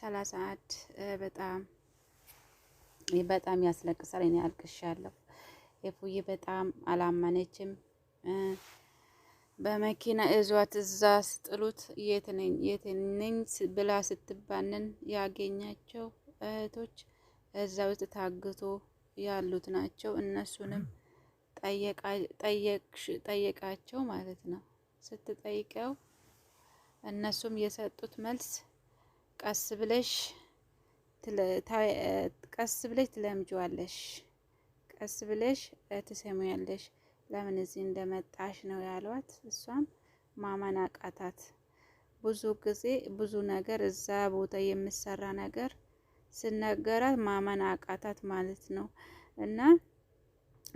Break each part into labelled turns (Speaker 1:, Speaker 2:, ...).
Speaker 1: ሰላሳ አንድ በጣም በጣም ያስለቅሳል። እኔ አልቅሻለሁ። የፉዬ በጣም አላመነችም። በመኪና እዟት እዛ ስጥሉት የትነኝ የትነኝ ብላ ስትባንን ያገኛቸው እህቶች እዛ ውስጥ ታግቶ ያሉት ናቸው። እነሱንም ጠየቃቸው ማለት ነው። ስትጠይቀው እነሱም የሰጡት መልስ ቀስ ብለሽ ቀስ ብለሽ ትለምጂዋለሽ፣ ቀስ ብለሽ ትሰሚያለሽ። ለምን እዚህ እንደመጣሽ ነው ያሏት። እሷም ማመን አቃታት። ብዙ ጊዜ ብዙ ነገር እዛ ቦታ የምሰራ ነገር ስነገራት ማመን አቃታት ማለት ነው። እና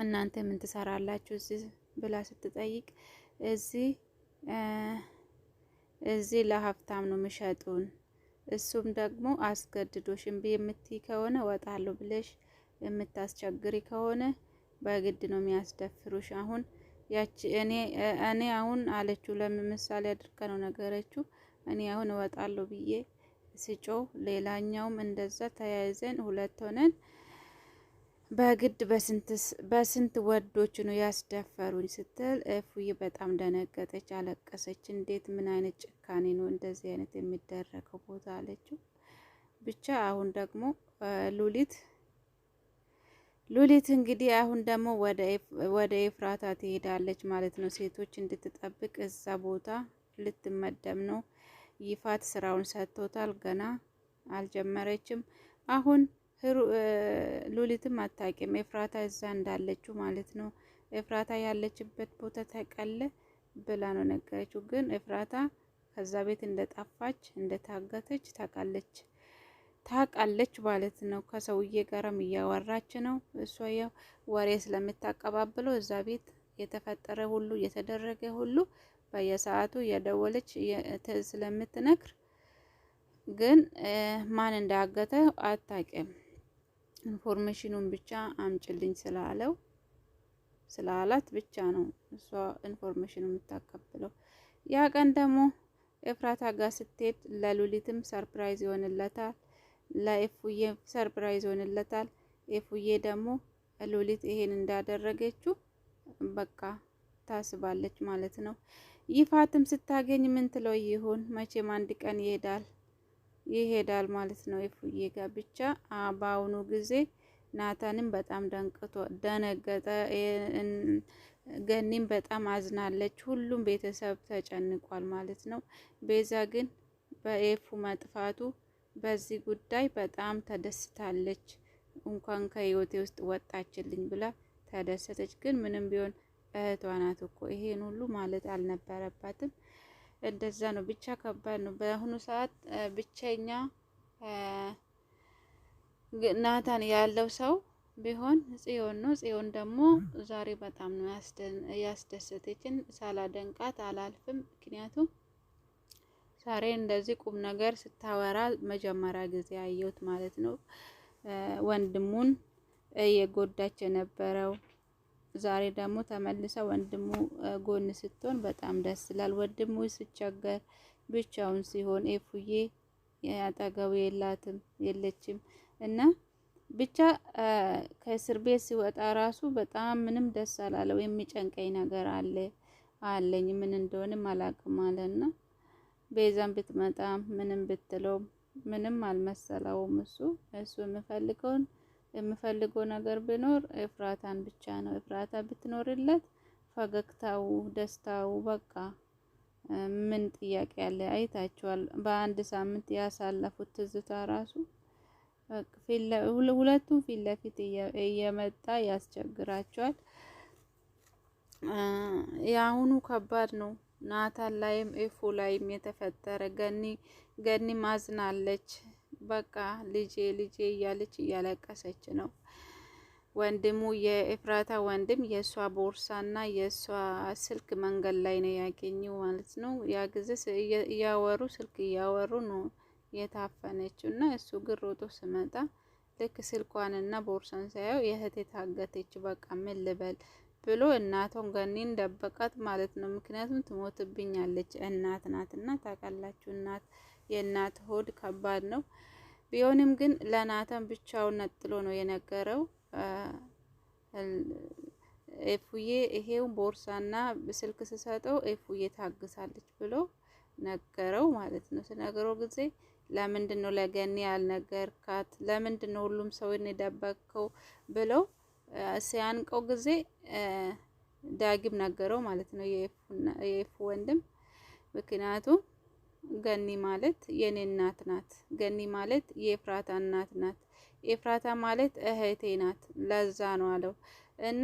Speaker 1: እናንተ ምን ትሰራላችሁ እዚህ ብላ ስትጠይቅ እዚህ እዚህ ለሀብታም ነው ምሸጡን እሱም ደግሞ አስገድዶሽ እምቢ የምትይ ከሆነ እወጣለሁ ብለሽ የምታስቸግሪ ከሆነ በግድ ነው የሚያስደፍሩሽ። አሁን ያቺ እኔ እኔ አሁን አለችው ለምሳሌ አድርጋ ነው ነገረችው። እኔ አሁን እወጣለሁ ብዬ ስጮ ሌላኛውም እንደዛ ተያይዘን ሁለት ሆነን በግድ በስንት ወንዶች ነው ያስደፈሩኝ ስትል እፉዬ በጣም ደነገጠች፣ አለቀሰች። እንዴት ምን አይነት ጭካኔ ነው እንደዚህ አይነት የሚደረገው ቦታ አለችው። ብቻ አሁን ደግሞ ሉሊት ሉሊት እንግዲህ አሁን ደግሞ ወደ ኤፍራታ ትሄዳለች ማለት ነው። ሴቶች እንድትጠብቅ እዛ ቦታ ልትመደም ነው። ይፋት ስራውን ሰጥቶታል። ገና አልጀመረችም አሁን ሉሊትም አታውቂም ኤፍራታ እዛ እንዳለችው ማለት ነው። ኤፍራታ ያለችበት ቦታ ተቀለ ብላ ነው ነገረችው። ግን ኤፍራታ ከዛ ቤት እንደጠፋች እንደታገተች ታውቃለች ታውቃለች ማለት ነው። ከሰውዬ ጋርም እያወራች ነው። እሷ ያው ወሬ ስለምታቀባብለው እዛ ቤት የተፈጠረ ሁሉ የተደረገ ሁሉ በየሰዓቱ እየደወለች ስለምትነክር ግን ማን እንዳገተ አታውቅም። ኢንፎርሜሽኑን ብቻ አምጭልኝ ስላለው ስላላት ብቻ ነው እሷ ኢንፎርሜሽኑ የምታቀብለው። ያ ቀን ደግሞ ኤፍራታ ጋር ስትሄድ ለሉሊትም ሰርፕራይዝ ይሆንለታል፣ ለኤፉዬ ሰርፕራይዝ ይሆንለታል። ኤፉዬ ደግሞ ሉሊት ይሄን እንዳደረገችው በቃ ታስባለች ማለት ነው። ይፋትም ስታገኝ ምን ትለው ይሆን? መቼም አንድ ቀን ይሄዳል። ይሄዳል ማለት ነው የፉዬ ጋ ብቻ። በአሁኑ ጊዜ ናታንም በጣም ደንቅቶ ደነገጠ። ገኒም በጣም አዝናለች። ሁሉም ቤተሰብ ተጨንቋል ማለት ነው። ቤዛ ግን በኤፉ መጥፋቱ በዚህ ጉዳይ በጣም ተደስታለች። እንኳን ከህይወቴ ውስጥ ወጣችልኝ ብላ ተደሰተች። ግን ምንም ቢሆን እህቷ ናት እኮ ይሄን ሁሉ ማለት አልነበረባትም። እንደዛ ነው። ብቻ ከባድ ነው በአሁኑ ሰዓት ብቸኛ ናታን ያለው ሰው ቢሆን ጽዮን ነው። ጽዮን ደግሞ ዛሬ በጣም ነው ያስደሰተችን። ሳላደንቃት አላልፍም። ምክንያቱም ዛሬ እንደዚህ ቁም ነገር ስታወራ መጀመሪያ ጊዜ አየሁት ማለት ነው። ወንድሙን እየጎዳች የነበረው ዛሬ ደግሞ ተመልሳ ወንድሙ ጎን ስትሆን በጣም ደስ ይላል። ወንድሙ ሲቸገር ብቻውን ሲሆን ኤፉዬ አጠገቡ የላትም የለችም እና ብቻ ከእስር ቤት ሲወጣ ራሱ በጣም ምንም ደስ አላለው። የሚጨንቀኝ ነገር አለ አለኝ ምን እንደሆነም አላቅም አለና ቤዛም ብትመጣም ምንም ብትለው ምንም አልመሰለውም። እሱ እሱ የምፈልገውን የምፈልገው ነገር ቢኖር ኤፍራታን ብቻ ነው። ኤፍራታ ብትኖርለት ፈገግታው፣ ደስታው በቃ ምን ጥያቄ አለ? አይታችኋል። በአንድ ሳምንት ያሳለፉት ትዝታ ራሱ ሁለቱም ፊት ለፊት እየመጣ ያስቸግራቸዋል። የአሁኑ ከባድ ነው። ናታን ላይም ኤፎ ላይም የተፈጠረ ገኒ ገኒ ማዝናለች። በቃ ልጄ ልጄ እያለች እያለቀሰች ነው። ወንድሙ የኤፍራታ ወንድም የእሷ ቦርሳና የእሷ ስልክ መንገድ ላይ ነው ያገኘው ማለት ነው። ያ ጊዜ እያወሩ ስልክ እያወሩ ነው የታፈነችው እና እሱ ግን ሮጦ ስመጣ ልክ ስልኳንና ቦርሳን ሳየው የእህቴ ታገተች፣ በቃ ምን ልበል ብሎ እናቷን ገኒን ደበቃት ማለት ነው። ምክንያቱም ትሞትብኛለች፣ እናት ናት እና ታውቃላችሁ፣ እናት የእናት ሆድ ከባድ ነው። ቢሆንም ግን ለናተን ብቻውን ነጥሎ ነው የነገረው። ኤፉዬ ይሄው ቦርሳና ስልክ ስሰጠው ኤፉዬ ታግሳለች ብሎ ነገረው ማለት ነው። ስነግረው ጊዜ ለምንድን ነው ለገኒ ያልነገርካት? ለምንድን ነው ሁሉም ሰው የደበቅከው? ብለው ሲያንቀው ጊዜ ዳግም ነገረው ማለት ነው የኤፉ ወንድም ምክንያቱም ገኒ ማለት የኔ እናት ናት። ገኒ ማለት የኤፍራታ እናት ናት። ኤፍራታ ማለት እህቴ ናት። ለዛ ነው አለው እና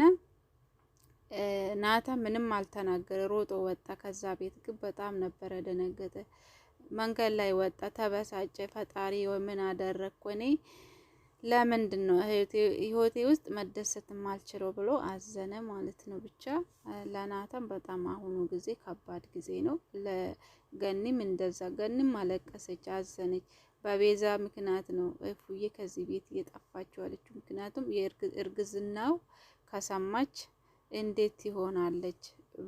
Speaker 1: ናታ ምንም አልተናገረ፣ ሮጦ ወጣ ከዛ ቤት። ግን በጣም ነበረ ደነገጠ። መንገድ ላይ ወጣ፣ ተበሳጨ። ፈጣሪ ወይ ምን አደረግኩ እኔ ለምንድን ነው ህይወቴ ውስጥ መደሰት ማልችለው ብሎ አዘነ ማለት ነው። ብቻ ለናታም በጣም አሁኑ ጊዜ ከባድ ጊዜ ነው። ለገኒም እንደዛ ገኒም አለቀሰች፣ አዘነች። በቤዛ ምክንያት ነው እፉዬ ከዚህ ቤት እየጠፋችው አለችው። ምክንያቱም እርግዝናው ከሰማች እንዴት ይሆናለች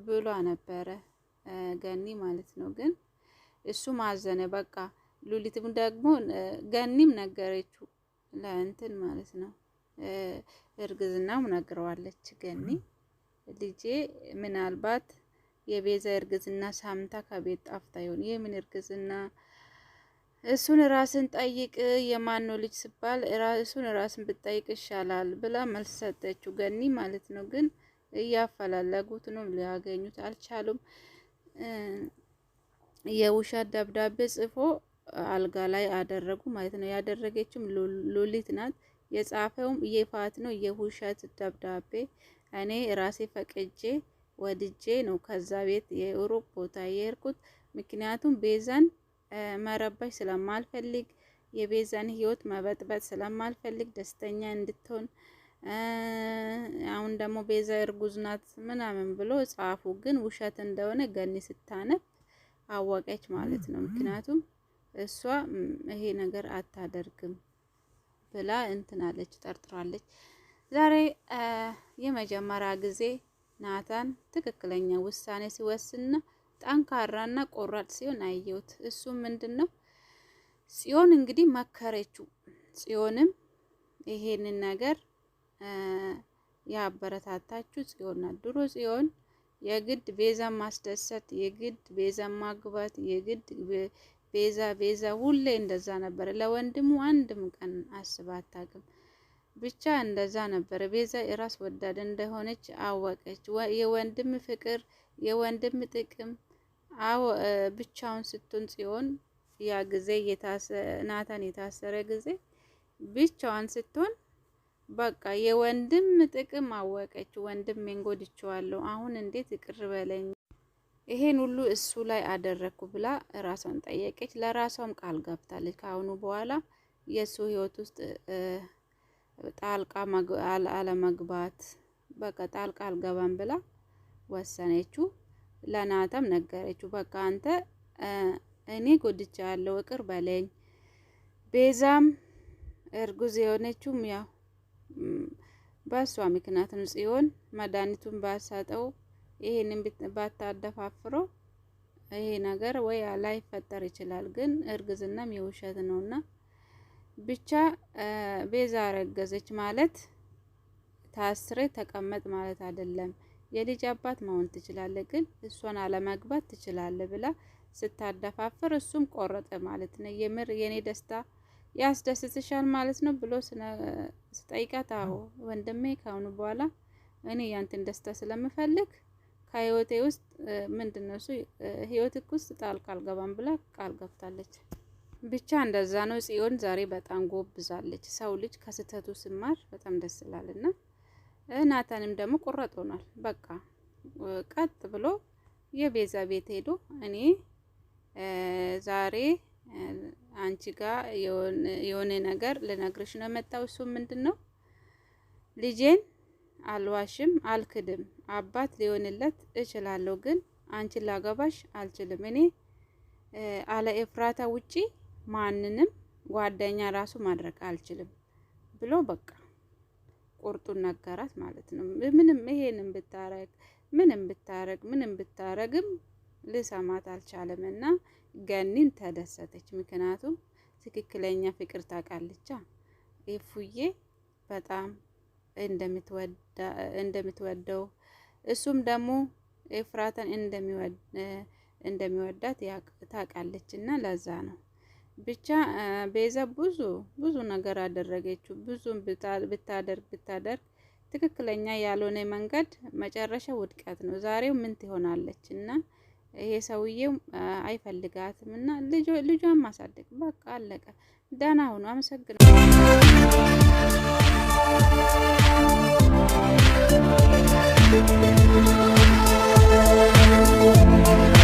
Speaker 1: ብሏ ነበረ ገኒ ማለት ነው። ግን እሱም አዘነ በቃ ሉሊትም ደግሞ ገኒም ነገረችው ለእንትን ማለት ነው እርግዝናው ነግረዋለች። ገኒ ልጄ ምናልባት የቤዛ እርግዝና ሳምንታ ከቤት ጣፍታ ይሆን? ይህ ምን እርግዝና? እሱን ራስን ጠይቅ። የማን ነው ልጅ ስባል እሱን ራስን ብጠይቅ ይሻላል ብላ መልስ ሰጠችው ገኒ ማለት ነው። ግን እያፈላለጉት ነው፣ ሊያገኙት አልቻሉም። የውሻ ደብዳቤ ጽፎ አልጋ ላይ አደረጉ ማለት ነው። ያደረገችም ሉሊት ናት። የጻፈውም እየፋት ነው። የውሸት ደብዳቤ እኔ ራሴ ፈቅጄ ወድጄ ነው ከዛ ቤት የሩቅ ቦታ የሄድኩት። ምክንያቱም ቤዛን መረበሽ ስለማልፈልግ የቤዛን ህይወት መበጥበጥ ስለማልፈልግ ደስተኛ እንድትሆን አሁን ደግሞ ቤዛ እርጉዝ ናት ምናምን ብሎ ጻፉ። ግን ውሸት እንደሆነ ገኒ ስታነብ አወቀች ማለት ነው ምክንያቱም እሷ ይሄ ነገር አታደርግም ብላ እንትናለች ጠርጥራለች። ዛሬ የመጀመሪያ ጊዜ ናታን ትክክለኛ ውሳኔ ሲወስንና ጠንካራና ቆራጥ ሲሆን አየሁት። እሱ ምንድን ነው ጽዮን እንግዲህ መከረችው። ጽዮንም ይሄንን ነገር ያበረታታችሁ ጽዮን ናት። ድሮ ጽዮን የግድ ቤዛ ማስደሰት፣ የግድ ቤዛ ማግባት፣ የግድ ቤዛ ቤዛ ሁሌ እንደዛ ነበረ። ለወንድሙ አንድም ቀን አስባ አታውቅም። ብቻ እንደዛ ነበረ። ቤዛ የራስ ወዳድ እንደሆነች አወቀች። የወንድም ፍቅር፣ የወንድም ጥቅም ብቻውን ስትሆን ሲሆን ያ ጊዜ ናታን የታሰረ ጊዜ ብቻዋን ስትሆን በቃ የወንድም ጥቅም አወቀች። ወንድም መንጎድችዋለሁ አሁን እንዴት ይቅር በለኝ ይሄን ሁሉ እሱ ላይ አደረግኩ ብላ ራሷን ጠየቀች። ለራሷም ቃል ገብታለች። ከአሁኑ በኋላ የእሱ ህይወት ውስጥ ጣልቃ አለመግባት በቃ ጣልቃ አልገባም ብላ ወሰነችው። ለናታም ነገረችው። በቃ አንተ እኔ ጎድቻ ያለው እቅር በለኝ። ቤዛም እርጉዝ የሆነችውም ያው በእሷ ምክንያት ነው። ጽዮን መድኃኒቱን ባሰጠው ይሄንን ባታደፋፍረው ይሄ ነገር ወይ ላይፈጠር ይችላል። ግን እርግዝናም የውሸት ነውና ብቻ ቤዛ ረገዘች ማለት ታስሬ ተቀመጥ ማለት አይደለም። የልጅ አባት መሆን ትችላለ ግን እሷን አለመግባት ትችላለህ ብላ ስታደፋፍር እሱም ቆረጠ ማለት ነው። የምር የኔ ደስታ ያስደስትሻል ማለት ነው ብሎ ስጠይቃት፣ አዎ ወንድሜ፣ ካሁኑ በኋላ እኔ ያንተን ደስታ ስለምፈልግ ከህይወቴ ውስጥ ምንድን ነው እሱ ህይወትክ ውስጥ ጣልቃ አልገባም ብላ ቃል ገብታለች። ብቻ እንደዛ ነው። ጽዮን ዛሬ በጣም ጎብዛለች። ሰው ልጅ ከስህተቱ ስማር በጣም ደስ ይላል። እና ናታንም ደግሞ ቁረጥ ሆኗል። በቃ ቀጥ ብሎ የቤዛ ቤት ሄዶ እኔ ዛሬ አንቺ ጋር የሆነ ነገር ልነግርሽ ነው የመጣው። እሱ ምንድን ነው ልጄን አልዋሽም፣ አልክድም አባት ሊሆንለት እችላለሁ፣ ግን አንቺን ላገባሽ አልችልም። እኔ አለ ኤፍራታ ውጪ ማንንም ጓደኛ ራሱ ማድረግ አልችልም ብሎ በቃ ቁርጡን ነገራት ማለት ነው። ምንም ይሄንም ብታረግ ምንም ብታረግ ምንም ብታረግም ልሰማት አልቻለም እና ገኒን ተደሰተች። ምክንያቱም ትክክለኛ ፍቅር ታውቃለቻ ኢፉዬ በጣም እንደምትወደው እሱም ደግሞ ኤፍራታን እንደሚወዳት ታውቃለች እና ለዛ ነው ብቻ ቤዛ ብዙ ብዙ ነገር አደረገችው። ብዙም ብታደርግ ብታደርግ ትክክለኛ ያልሆነ መንገድ መጨረሻ ውድቀት ነው። ዛሬው ምን ትሆናለች እና ይሄ ሰውዬው አይፈልጋትም እና ልጇን ማሳደግ በቃ አለቀ። ደህና ሁኑ። አመሰግናለሁ። Thank you.